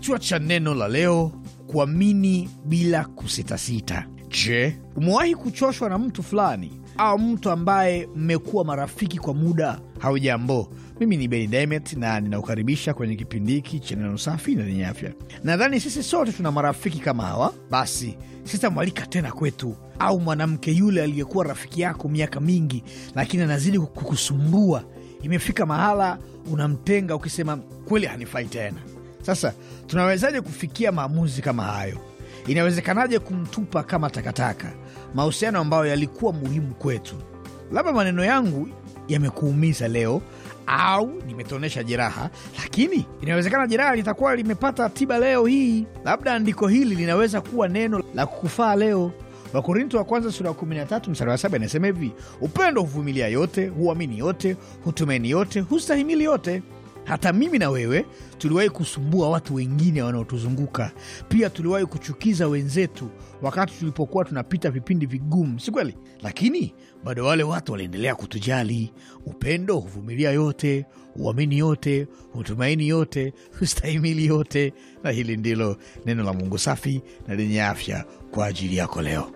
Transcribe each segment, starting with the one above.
Kichwa cha neno la leo: kuamini bila kusitasita. Je, umewahi kuchoshwa na mtu fulani au mtu ambaye mmekuwa marafiki kwa muda? Haujambo, mimi ni Beni Demet na ninakukaribisha kwenye kipindi hiki cha neno safi na lenye afya. Nadhani sisi sote tuna marafiki kama hawa. Basi sitamwalika tena kwetu, au mwanamke yule aliyekuwa rafiki yako miaka mingi, lakini anazidi kukusumbua. Imefika mahala unamtenga ukisema, kweli hanifai tena. Sasa Tunawezaje kufikia maamuzi kama hayo? Inawezekanaje kumtupa kama takataka mahusiano ambayo yalikuwa muhimu kwetu? Labda maneno yangu yamekuumiza leo au nimetonesha jeraha, lakini inawezekana jeraha litakuwa limepata tiba leo hii. Labda andiko hili linaweza kuwa neno la kukufaa leo. Wakorinto wa kwanza sura ya 13 mstari wa 7 inasema hivi: upendo huvumilia yote, huamini yote, hutumaini yote, hustahimili yote. Hata mimi na wewe tuliwahi kusumbua watu wengine wanaotuzunguka, pia tuliwahi kuchukiza wenzetu wakati tulipokuwa tunapita vipindi vigumu, si kweli? Lakini bado wale watu waliendelea kutujali. Upendo huvumilia yote, huamini yote, hutumaini yote, hustahimili yote. Na hili ndilo neno la Mungu safi na lenye afya kwa ajili yako leo.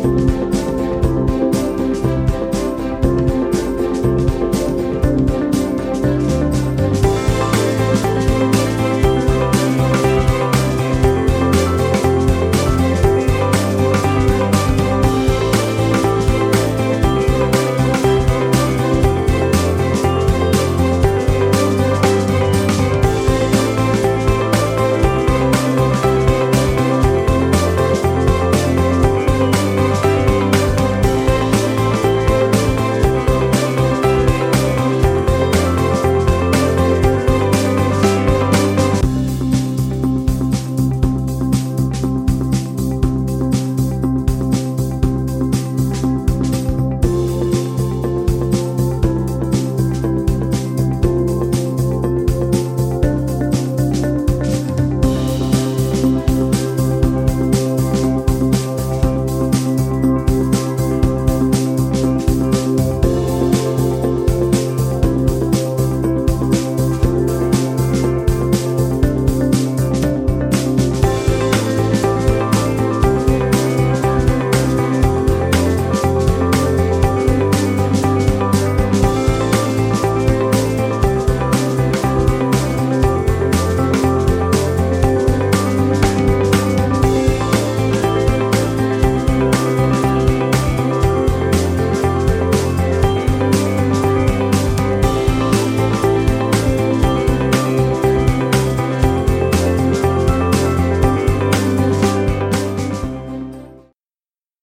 Thank you.